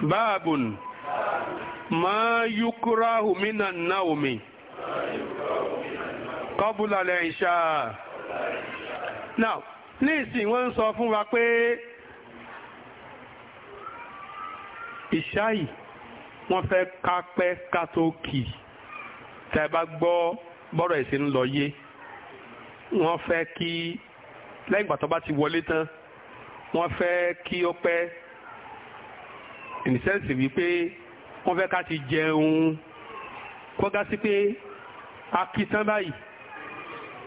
báàbùn máa yúkúráhù mínà náòmí kọbùlàlẹ̀ ìṣà now ní ìsìn wọ́n ń sọ fún wa pé ìṣáì wọ́n fẹ́ kápẹ́ kátókì tẹ́ gbọ́ bọ́rọ̀ ìsìn ń lọ yé wọ́n fẹ́ kí lẹ́yìn bá ti wọlé tán wọ́n fẹ́ kí ó pẹ́ in the sense wípé wọ́n fẹ́ ká ti jẹun kó gá sí pé a kí tán báyìí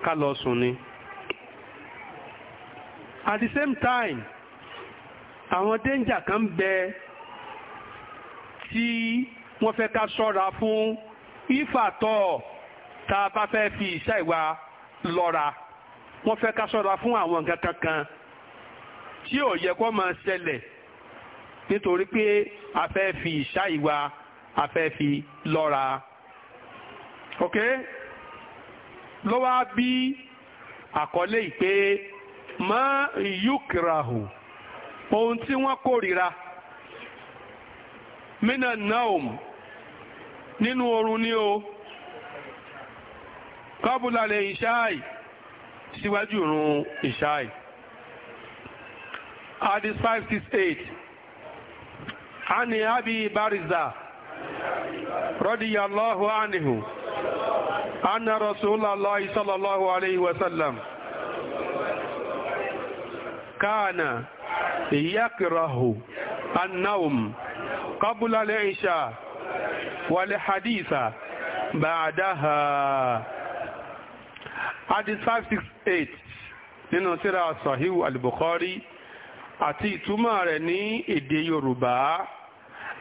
ká lọ sùn ni. at the same time àwọn danger kan bẹ tí wọ́n fẹ́ ká ṣọ́ra fún ìfàtọ̀ tá a bá fẹ́ fi iṣẹ́ ìwà lọ́ra wọ́n fẹ́ ká ṣọ́ra fún àwọn nǹkan kankan tí ò yẹ kó máa ṣẹlẹ̀ nítorí pé a fẹ́ fi ìṣá ìwà a fẹ́ fi lọ́ra ok lọ́wọ́ bí àkọlé ìpè mọ́ yúkìràhù ohun tí wọ́n kórìíra mina naum nínú oorun ni o kọ́bùlàlẹ̀ ìṣáì síwájú ìrun ìṣáì hadith 568 عن أبي بارزة رضي الله عنه أن رسول الله صلى الله عليه وسلم كان يكره النوم قبل العشاء والحديث بعدها Hadith 568 nínú síra Sahihu al-Bukhari àti ìtumọ̀ rẹ̀ ní èdè Yorùbá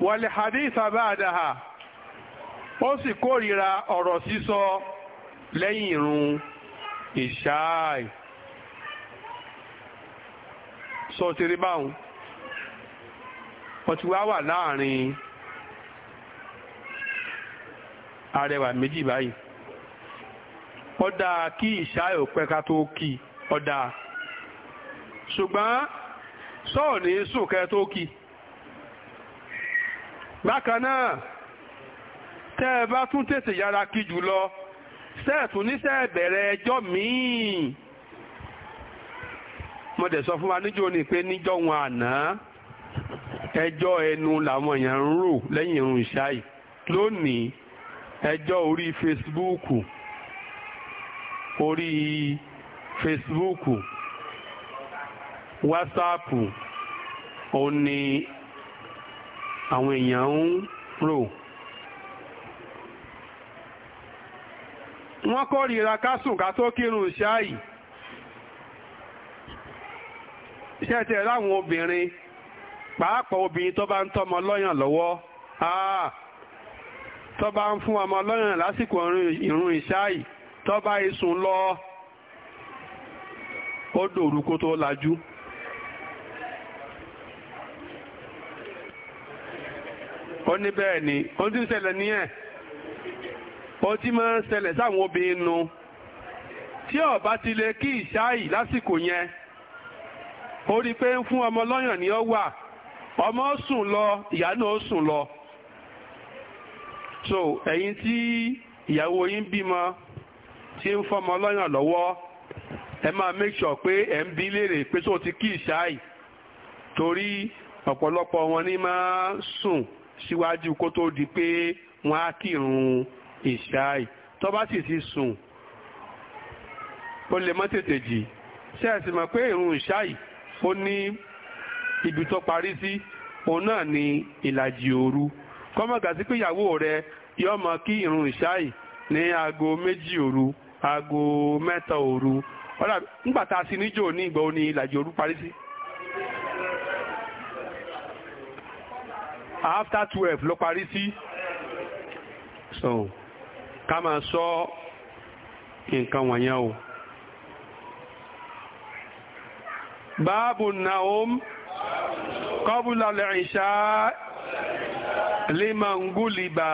Wọlé hadith abáadáa ó sì kórìíra ọ̀rọ̀ sísọ lẹ́yìn irun ìṣááì sọ tèrè báwọn wọ́n ti wá wà láàrin arẹwà méjì báyìí ọdá kí ìṣáì ò ká tó kí ọdá ṣùgbọ́n sọ́ọ̀ ní sùn kẹ́ tó kí. bákan náà tẹ́ ẹ bá tún tètè yára kí jùlọ sẹ́ẹ̀tún níṣẹ́ bẹ̀rẹ̀ ẹjọ́ míì mo dẹ̀ sọ fún wa níjọ́ ni pé níjọ́ wọn àná ẹjọ́ ẹnu làwọn èèyàn ń rò lẹ́yìn irun ìṣáì lónìí ẹjọ́ orí Facebook orí Facebook WhatsApp òní àwọn èèyàn ń rò wọ́n kórìíra kásùn ká tó kírun ṣáàyì iṣẹ́ tẹ̀ láwọn obìnrin pàápàá obìnrin tó bá ń tọ́ ọmọ lọ́yàn lọ́wọ́ tó bá ń fún ọmọ lọ́yàn lásìkò ìrun ìṣáàyì tó bá ìsùn lọ ó dòrú kó tó lajú. ó ní bẹ́ẹ̀ ni ó ti ń ṣẹlẹ̀ ní ẹ̀ ó ti máa ń ṣẹlẹ̀ sáwọn obìnrin nu tí ti lè kí ìṣáì lásìkò yẹn ó rí pé ń fún ọmọ ni ó wà ọmọ ó sùn lọ ìyá náà ó so ẹ̀yin tí ìyàwó yín bímọ tí ń fọmọ lọ́yàn lọ́wọ́ ẹ máa make sure pé ẹ ń bí léèrè pé ti kí ìṣáì torí ọ̀pọ̀lọpọ̀ wọn ni máa sùn síwájú kó tó di pé wọ́n á kírun ìṣáì tó bá sì ti sùn ó lè mọ́ tètè jì ṣé ẹ sì mọ̀ pé ìrun ìṣáì ó ní ibi tó parí sí òun náà ni ìlàjì òru kọ́mọ̀gà sí pé ìyàwó rẹ yóò máa kí ìrun ìṣáì ní aago méjì òru aago mẹ́ta òru nígbà tá a sì níjò ní ìgbà òní ìlàjì òru parí sí. after twelve ló parí sí so ká máa sọ nǹkan wọ̀nyẹn o. báàbù naom kọ́bùlà lẹ́yìnṣá limanguliba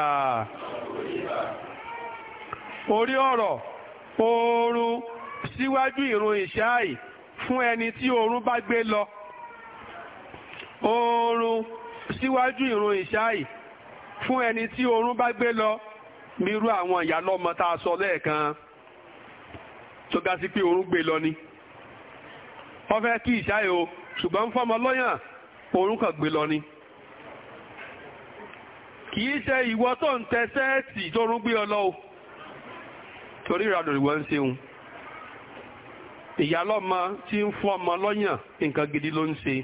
orí ọ̀rọ̀ oorun síwájú ìrun ìṣáì fún ẹni tí oorun bá gbé lọ oorun síwájú ìrun ìṣáì fún ẹni tí oorun bá gbé lọ nírú àwọn ìyálọ́mọ tá a sọ lẹ́ẹ̀kan tó ga sí pé oorun gbé lọ ni wọ́n fẹ́ kí ìṣáì o ṣùgbọ́n fọ́mọ lọ́yàn oorun kàn gbé lọ ni kì í ṣe ìwọ tó ń tẹ sẹ́ẹ̀tì tó rún gbé ọ lọ o torí ìrànlọ́ ìwọ ń ṣeun ìyálọ́mọ tí ń fún lọ́yàn nǹkan gidi ló ń ṣe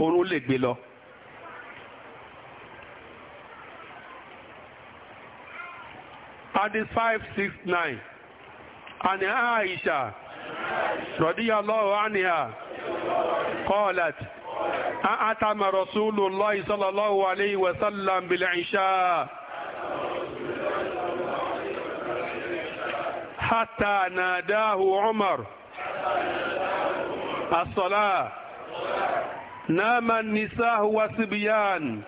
oorun lè gbé lọ. 569 عن عائشة رضي الله عنها قالت أعتم رسول الله صلى الله عليه وسلم بالعشاء حتى ناداه عمر الصلاة نام النساء والصبيان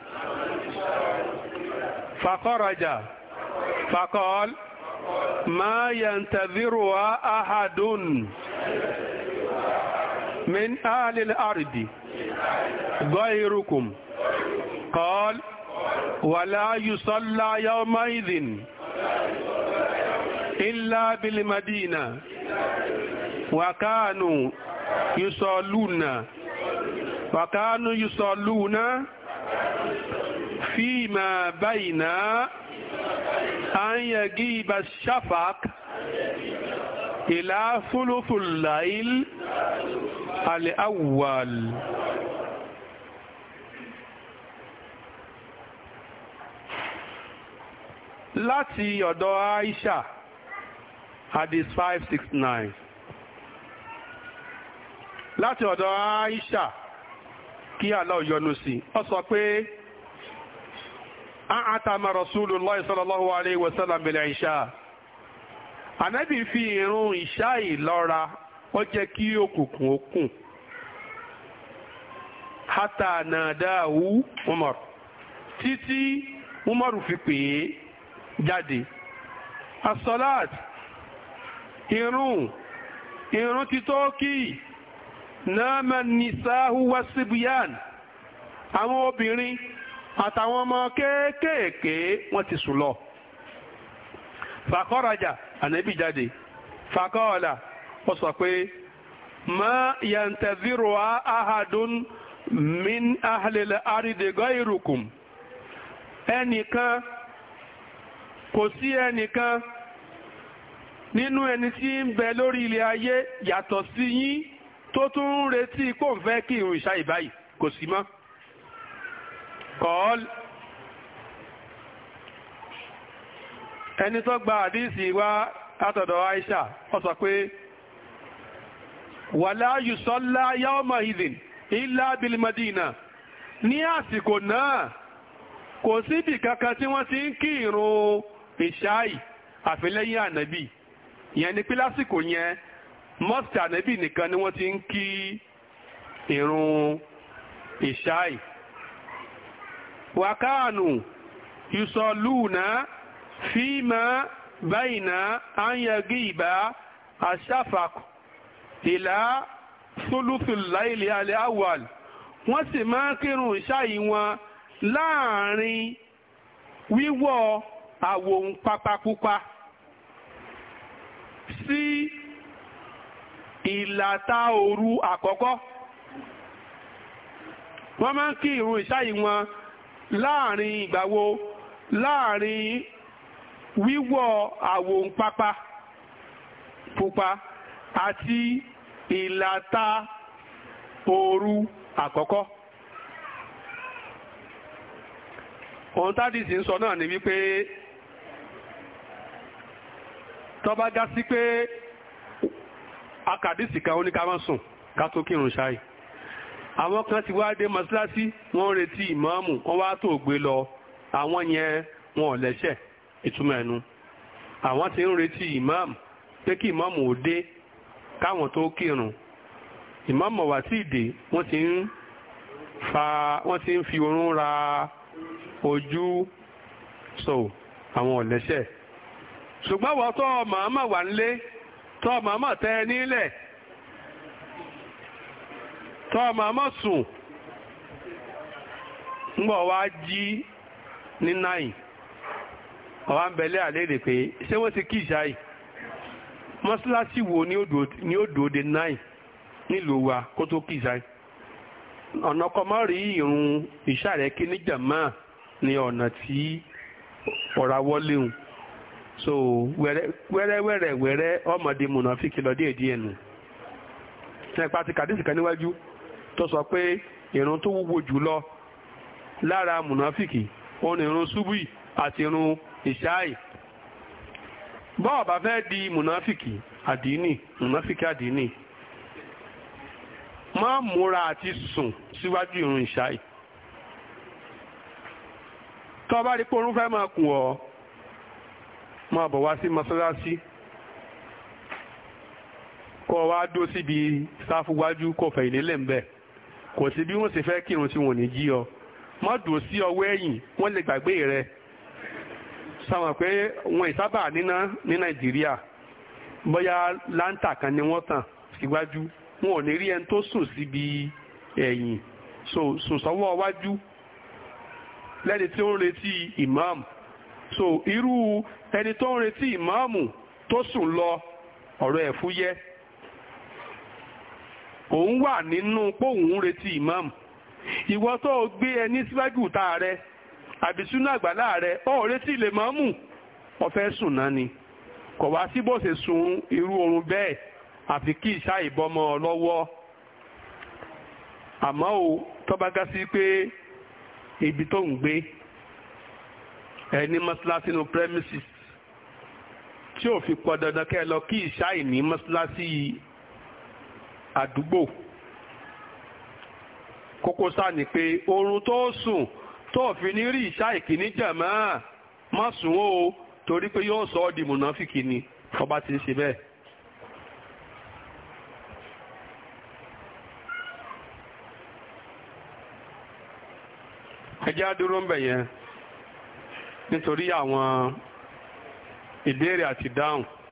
فخرج فقال ما ينتظرها أحد من أهل الأرض غيركم قال ولا يصلى يومئذ إلا بالمدينة وكانوا يصلون وكانوا يصلون فيما بين an yagi ba shafak ila sulufu lail al'awwal láti ọ̀dọ̀ Aisha hadith 569 láti ọ̀dọ̀ Aisha kí Allah yọ́nú sí ó sọ pé àtàmà rasulullah sallallahu alayhi wa sallam bẹ̀rẹ̀ ìṣá ànábì fi irun ìṣá ìlọ́ra ó jẹ́ kí òkùnkùn ó kùn hátà nàdáwù umar títí umar fi pè é jáde asọ́láàt irun irun ti tó kí náà mà nìsáhù wá síbíyàn àwọn obìnrin àtàwọn ọmọ kéékèèké wọ́n ti sùn lọ. fàkọ́rajà ànábì jáde fàkọ́ọ̀là ó sọ pé má yantaziro ahadun min ahlil aride gairukum ẹnìkan kò sí ẹnìkan nínú ẹni tí ń bẹ lórí ilẹ̀ ayé yàtọ̀ sí yín tó tún ń retí kó ń fẹ́ kí irun ìbáyìí kò sí mọ́. قال ẹni tó gba àdísì wá látọ̀dọ̀ Aisha ó sọ pé wala yusalla yawma idhin illa bil Madina ní àsìkò náà kò síbì kankan tí wọ́n ti ń kí ìrun ìṣáì àfilẹ́yìn ànábì yẹn ni pé lásìkò yẹn mọ́sítì ànábì nìkan ni wọ́n ti ń kí ìrun ìṣáì wàkáànù ìsọlúùnà fíìmà báyìnà ányẹgí ìbá àṣàfàkù ìlà sólùfìláìlì alẹ́ awal wọ́n sì máa kírun ìṣáyí wọn láàrin wíwọ̀ àwòrán pápápupa sí ìlàta òru àkọ́kọ́ wọ́n máa ń ìṣáyí wọn láàrin ìgbàwo láàrin wíwọ̀ àwòrán pápá pupa àti ìlàta òru àkọ́kọ́. ohun tádìsí ń sọ náà ni wípé tó bá já sí pé akàdìsí kan ó ní ká má sùn ká tó kírun ṣáì àwọn kan ti wá dé mọ́ṣáláṣí wọ́n retí ìmáàmù wọ́n wá tó gbé lọ àwọn yẹn wọn ò lẹ́sẹ̀ ìtumọ̀ ẹnu àwọn ti ń retí ìmáàmù pé kí ìmáàmù ò dé káwọn tó kírun ìmáàmù wá sí ìdè wọ́n ti ń fa wọ́n ti ń fi orun ra ojú so àwọn ò lẹ́sẹ̀ ṣùgbọ́n wọ́n tọ́ màmá wà ń lé tọ́ màmá tẹ́ ẹ nílẹ̀ tọ́ màmá sùn ńgbọ̀ wá jí ní náì ọ̀wá ń bẹ̀lẹ́ àlérè pé ṣé wọ́n ti kí ìṣáì mọ́sálásí wo ni ó de náì nílùú wa kó tó kí ìṣáì ọ̀nà kọmọ́ rí ìrun ìṣá rẹ̀ kí ní jàmá ni ọ̀nà tí ọ̀rá wọlé so wẹ́rẹ́wẹ́rẹ́ wẹ́rẹ́ ọmọdé fi kìlọ̀ nù ṣe níwájú tó sọ pé irun tó wúwo jùlọ lára mùnàfìkì òun irun ṣubúì àti irun ìṣáì bọ́ọ̀ bá fẹ́ di mùnàfìkì àdínì mùnàfìkì àdínì má múra àti sùn síwájú irun ìṣáì tó bá rí pé fẹ́ máa kùn ọ́ máa bọ̀ wá sí mọ́sálásí kọ́ wá dó síbi sáfúwájú kọ̀fẹ̀ ìlélẹ̀ ń bẹ́ẹ̀ kò sí bí wọ́n ṣe fẹ́ kírun tí wọ́n ní jí ọ má dùn sí ọwọ́ ẹ̀yìn wọ́n lè gbàgbé rẹ sáwọn pé wọn ìsábà níná ní nàìjíríà bóyá láńtà kan ni wọ́n tàn síwájú wọn ò ní rí ẹni tó sùn síbi ẹ̀yìn sùn sọ́wọ́ wájú lẹ́ni tí ń retí ìmáàmù so irú ẹni tó ń retí ìmáàmù tó sùn lọ ọ̀rọ̀ ẹ̀fúyẹ́ òun wà nínú póun retí imam ìwọ tó o gbé ẹni síwájú ta rẹ àbí sínú àgbàlá rẹ ọ retí ilé mọ́mù ọ̀fẹ́ sùn náà ni kò wá sí bó ṣe sun irú oorun bẹ́ẹ̀ àfi kí ìṣá ìbọmọ lọ́wọ́ àmọ́ o tọ́ba gá sí pé ibi tó ń gbé ẹni mọ́ṣáláṣí nu premises tí ò fi pọ̀ dandan kẹ́ lọ kí ìṣá ìní mọ́ṣáláṣí yìí. àdúgbò kókó sáà ni pé oorun tó sùn tó fi ní rí ìṣá ìkíní jẹ̀mọ́ má sùn o torí pé yóò sọ ọ́ di mùnáfíkì ni ọba ti ń ṣe bẹ́ẹ̀. ẹjẹ́ dúró ń bẹ̀ yẹn nítorí àwọn ìbéèrè àti dáhùn.